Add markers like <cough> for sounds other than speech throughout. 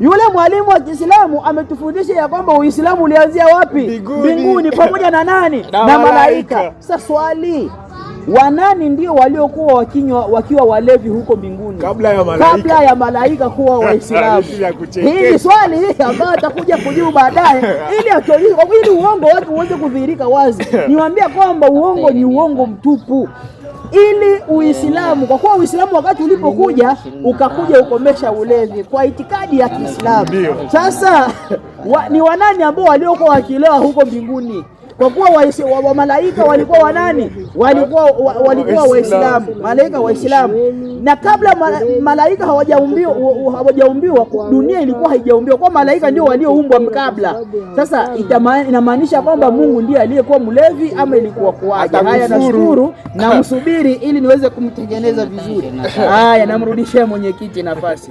Yule mwalimu wa Kiislamu ametufundisha ya kwamba Uislamu ulianzia wapi? Mbinguni, pamoja na nani? Na malaika. Sasa swali Wanani ndio waliokuwa wakinywa wakiwa walevi huko mbinguni kabla ya malaika, kabla ya malaika kuwa <laughs> Waislamu. Hili swali hili ambayo atakuja kujibu baadaye, ili ili uongo wake uweze kudhihirika wazi. <laughs> Niwaambia kwamba uongo ni uongo mtupu ili Uislamu kwa kuwa Uislamu wakati ulipokuja ukakuja ukomesha ulevi kwa itikadi ya Kiislamu. Sasa wa, ni wanani ambao waliokuwa wakilewa huko mbinguni? kwa kuwa wa walikuwa wanani? Walikuwa wa, walikuwa Waislamu, malaika Waislamu. Na kabla malaika hawajaumbiwa hawajaumbiwa, dunia ilikuwa haijaumbiwa, kwa malaika ndio walioumbwa kabla. Sasa inamaanisha kwamba Mungu ndiye aliyekuwa mlevi ama ilikuwa kuwaje? Haya, nashukuru na msubiri ili niweze kumtengeneza vizuri. Haya, namrudishia mwenyekiti nafasi.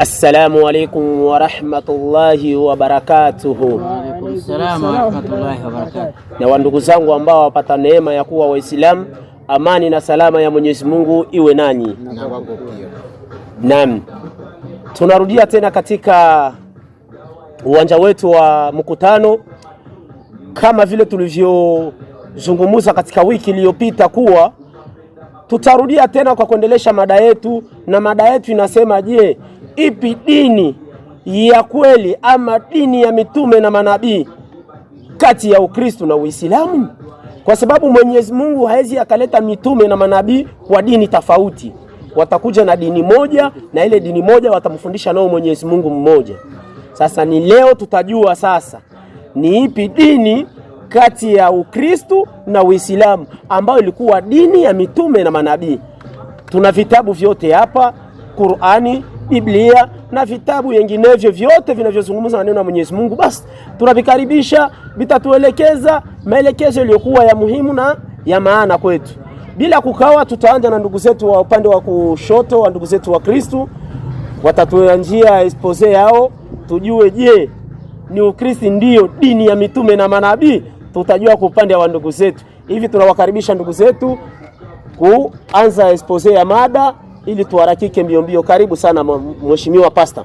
Assalamu alaikum warahmatullahi wabarakatuhu. Na wandugu zangu ambao wapata neema ya kuwa Waislamu, amani na salama ya Mwenyezi Mungu iwe nanyi. Naam, tunarudia tena katika uwanja wetu wa mkutano kama vile tulivyozungumza katika wiki iliyopita kuwa tutarudia tena kwa kuendelesha mada yetu, na mada yetu inasema je, ipi dini ya kweli ama dini ya mitume na manabii kati ya Ukristo na Uislamu, kwa sababu Mwenyezi Mungu hawezi akaleta mitume na manabii kwa dini tofauti. Watakuja na dini moja, na ile dini moja watamfundisha nao Mwenyezi Mungu mmoja. Sasa ni leo tutajua sasa ni ipi dini kati ya Ukristo na Uislamu ambayo ilikuwa dini ya mitume na manabii. Tuna vitabu vyote hapa Qur'ani Biblia na vitabu vinginevyo vyote vinavyozungumza maneno ya Mwenyezi Mungu, basi tunavikaribisha, vitatuelekeza maelekezo yaliyokuwa ya muhimu na ya maana kwetu, bila kukawa tutaanza na ndugu zetu wa upande wa kushoto wa ndugu zetu wa Kristu, watatuea njia expose yao, tujue je, ni Ukristi ndiyo dini ya mitume na manabii? Tutajua kwa upande wa ndugu zetu. Hivi tunawakaribisha ndugu zetu kuanza expose ya mada ili tuharakike mbio mbio. Karibu sana mheshimiwa Pasta.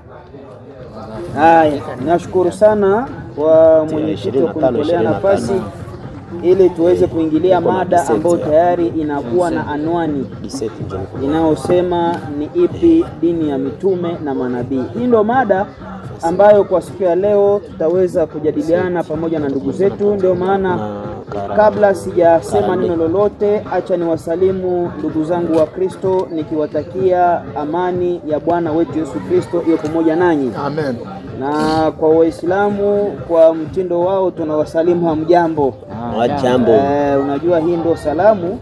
Haya, nashukuru sana kwa mwenyekiti wa kunitolea nafasi ili tuweze kuingilia mada ambayo tayari inakuwa na anwani inayosema ni ipi dini ya mitume na manabii. Hii ndio mada ambayo kwa siku ya leo tutaweza kujadiliana pamoja na ndugu zetu, ndio maana Kabla sijasema neno lolote, acha niwasalimu ndugu zangu wa Kristo nikiwatakia amani ya Bwana wetu Yesu Kristo iwe pamoja nanyi. Amen. Na kwa Waislamu kwa mtindo wao tunawasalimu hamjambo. Ah, hamjambo. Eh, unajua hii ndio salamu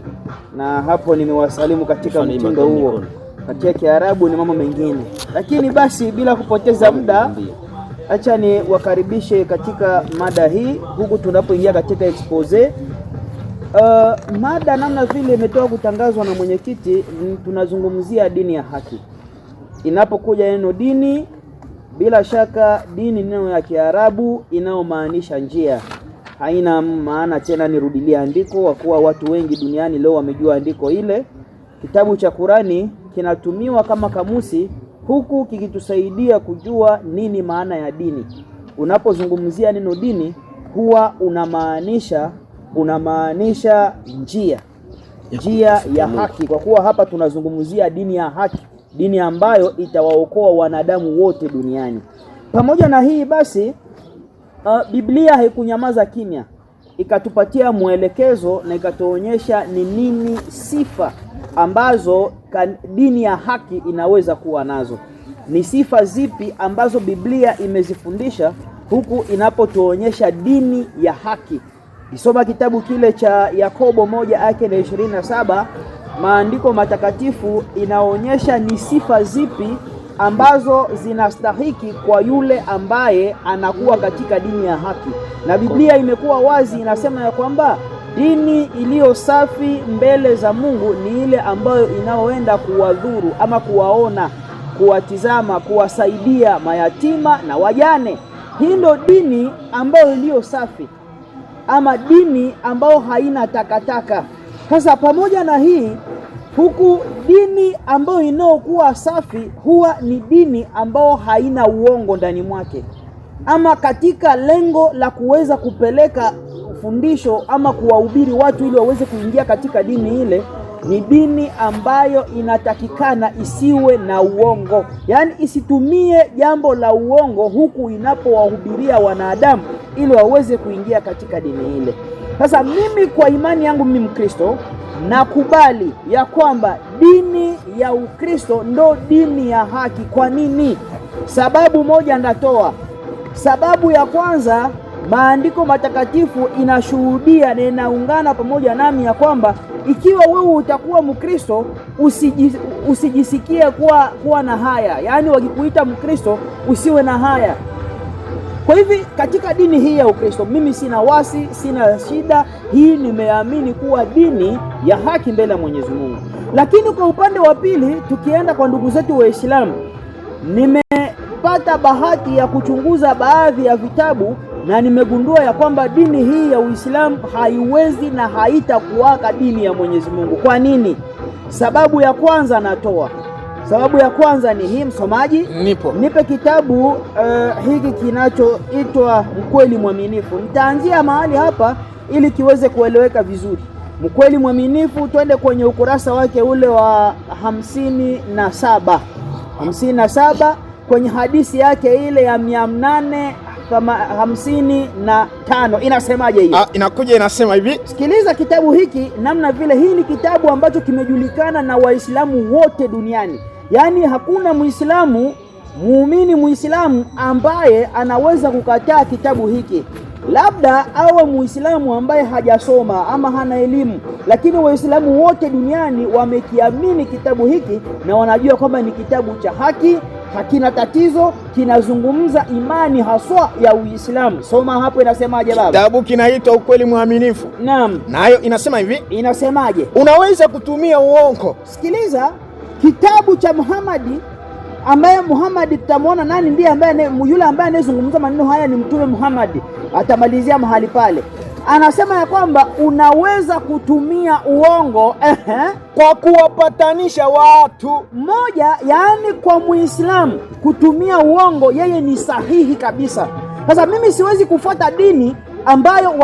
na hapo nimewasalimu katika mtindo huo. Katika Kiarabu ni mambo mengine, lakini basi bila kupoteza muda Acha ni wakaribishe katika mada hii huku tunapoingia katika expose. Uh, mada namna vile imetoka kutangazwa na mwenyekiti, tunazungumzia dini ya haki. Inapokuja neno dini, bila shaka dini neno ya Kiarabu inayomaanisha njia, haina maana tena nirudilia andiko, kwa kuwa watu wengi duniani leo wamejua andiko ile. Kitabu cha Kurani kinatumiwa kama kamusi huku kikitusaidia kujua nini maana ya dini. Unapozungumzia neno dini, huwa unamaanisha unamaanisha njia njia ya haki, kwa kuwa hapa tunazungumzia dini ya haki, dini ambayo itawaokoa wanadamu wote duniani. Pamoja na hii basi, uh, Biblia haikunyamaza kimya, ikatupatia mwelekezo na ikatuonyesha ni nini sifa ambazo kan, dini ya haki inaweza kuwa nazo. Ni sifa zipi ambazo Biblia imezifundisha huku inapotuonyesha dini ya haki? Kisoma kitabu kile cha Yakobo moja ake na ishirini na saba maandiko matakatifu inaonyesha ni sifa zipi ambazo zinastahiki kwa yule ambaye anakuwa katika dini ya haki, na Biblia imekuwa wazi inasema ya kwamba Dini iliyo safi mbele za Mungu ni ile ambayo inayoenda kuwadhuru ama kuwaona, kuwatizama, kuwasaidia mayatima na wajane. Hii ndio dini ambayo iliyo safi ama dini ambayo haina takataka. Sasa pamoja na hii huku dini ambayo inayokuwa safi huwa ni dini ambayo haina uongo ndani mwake, ama katika lengo la kuweza kupeleka mafundisho ama kuwahubiri watu ili waweze kuingia katika dini ile, ni dini ambayo inatakikana isiwe na uongo, yaani isitumie jambo la uongo huku inapowahubiria wanadamu ili waweze kuingia katika dini ile. Sasa mimi kwa imani yangu mimi Mkristo nakubali ya kwamba dini ya Ukristo ndo dini ya haki. Kwa nini? Sababu moja ndatoa. Sababu ya kwanza maandiko matakatifu inashuhudia na inaungana pamoja nami ya kwamba ikiwa wewe utakuwa Mkristo usijis, usijisikie kuwa, kuwa na haya, yaani wakikuita Mkristo usiwe na haya. Kwa hivi katika dini hii ya Ukristo mimi sina wasi, sina shida. Hii nimeamini kuwa dini ya haki mbele ya Mwenyezi Mungu. Lakini kwa upande wa pili, tukienda kwa ndugu zetu Waislamu, nimepata bahati ya kuchunguza baadhi ya vitabu na nimegundua ya kwamba dini hii ya Uislamu haiwezi na haitakuwaka dini ya Mwenyezi Mungu. Kwa nini? Sababu ya kwanza natoa Sababu ya kwanza ni hii, msomaji, nipo nipe kitabu uh, hiki kinachoitwa Mkweli Mwaminifu. Nitaanzia mahali hapa ili kiweze kueleweka vizuri. Mkweli Mwaminifu, twende kwenye ukurasa wake ule wa hamsini na saba hamsini na saba kwenye hadithi yake ile ya mia nane kama hamsini na tano inasemaje hiyo? Ah, inakuja inasema hivi, sikiliza kitabu hiki namna vile. Hii ni kitabu ambacho kimejulikana na Waislamu wote duniani, yaani hakuna Muislamu, muumini Muislamu ambaye anaweza kukataa kitabu hiki, labda awe Muislamu ambaye hajasoma ama hana elimu, lakini Waislamu wote duniani wamekiamini kitabu hiki na wanajua kwamba ni kitabu cha haki hakina tatizo, kinazungumza imani haswa ya Uislamu. Soma hapo, inasemaje baba? Kitabu kinaitwa Ukweli Mwaminifu. Naam, nayo inasema hivi, inasemaje? Unaweza kutumia uongo. Sikiliza kitabu cha Muhamadi ambaye Muhammad tutamwona nani ndiye ambaye yule ambaye anayezungumza maneno haya ni Mtume Muhammad, atamalizia mahali pale anasema ya kwamba unaweza kutumia uongo ehe, kwa kuwapatanisha watu moja Yaani kwa Muislamu kutumia uongo yeye ni sahihi kabisa. Sasa mimi siwezi kufuata dini ambayo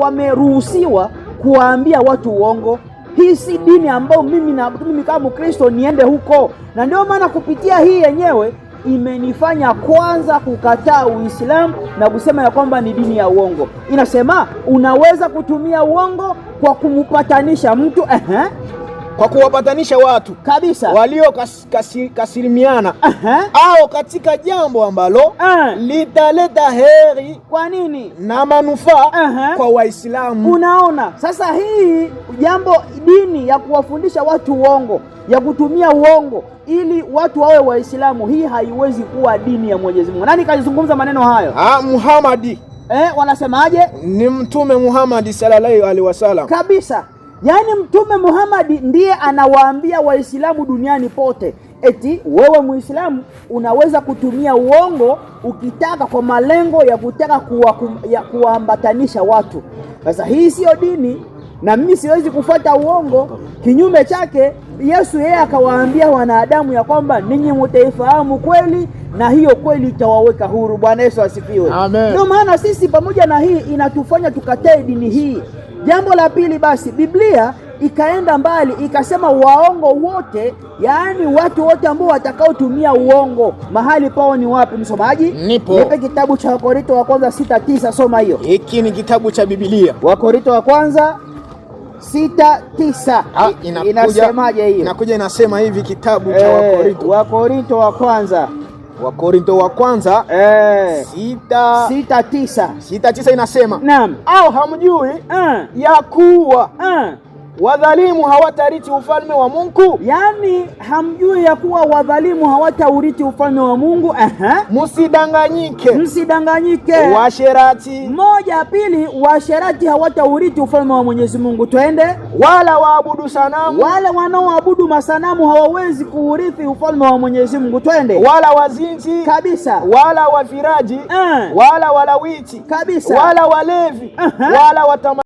wameruhusiwa wame kuwaambia watu uongo. Hii si dini ambayo mimi, na, mimi kama Mkristo niende huko, na ndio maana kupitia hii yenyewe imenifanya kwanza kukataa Uislamu na kusema ya kwamba ni dini ya uongo. Inasema unaweza kutumia uongo kwa kumpatanisha mtu ehe kwa kuwapatanisha watu kabisa waliokasirimiana au katika jambo ambalo ah. litaleta heri kwa nini na manufaa kwa Waislamu. Unaona sasa, hii jambo dini ya kuwafundisha watu uongo, ya kutumia uongo ili watu wawe Waislamu, hii haiwezi kuwa dini ya Mwenyezi Mungu. Nani kazungumza maneno hayo? Ha, Muhamadi. Eh, wanasemaje? Ni Mtume Muhamadi sallallahu alaihi wasallam kabisa Yaani Mtume Muhammad ndiye anawaambia Waislamu duniani pote eti wewe Muislamu unaweza kutumia uongo ukitaka kwa malengo ya kutaka kuwaambatanisha kuwa watu. Sasa hii siyo dini na mimi siwezi kufuata uongo. Kinyume chake, Yesu yeye akawaambia wanadamu ya kwamba ninyi mutaifahamu kweli na hiyo kweli itawaweka huru. Bwana Yesu asifiwe. Ndio maana sisi pamoja na hii inatufanya tukatae dini hii Jambo la pili, basi Biblia ikaenda mbali ikasema waongo wote, yaani watu wote ambao watakaotumia uongo. Mahali pao ni wapi, msomaji? Nipo, nipe kitabu cha Wakorinto wa kwanza sita tisa. Soma hiyo, hiki ni kitabu cha Biblia. Wakorinto wa kwanza sita tisa ah, inasemaje hiyo? Inakuja inasema hivi kitabu cha eh, Wakorinto, Wakorinto wa kwanza Wakorinto wa kwanza eh, sita, sita tisa sita tisa inasema naam, au hamjui uh, ya kuwa uh, wadhalimu hawatarithi ufalme wa Mungu, yaani hamjui ya kuwa wadhalimu hawataurithi ufalme wa Mungu. Aha, msidanganyike, msidanganyike. Washerati moja, pili, washerati hawataurithi ufalme wa Mwenyezi Mungu. Twende, wala waabudu sanamu, wale wanaoabudu masanamu hawawezi kuurithi ufalme wa Mwenyezi Mungu. Twende, wala wazinzi kabisa, wala waviraji, eh. wala walawiti kabisa, wala walevi, wala watama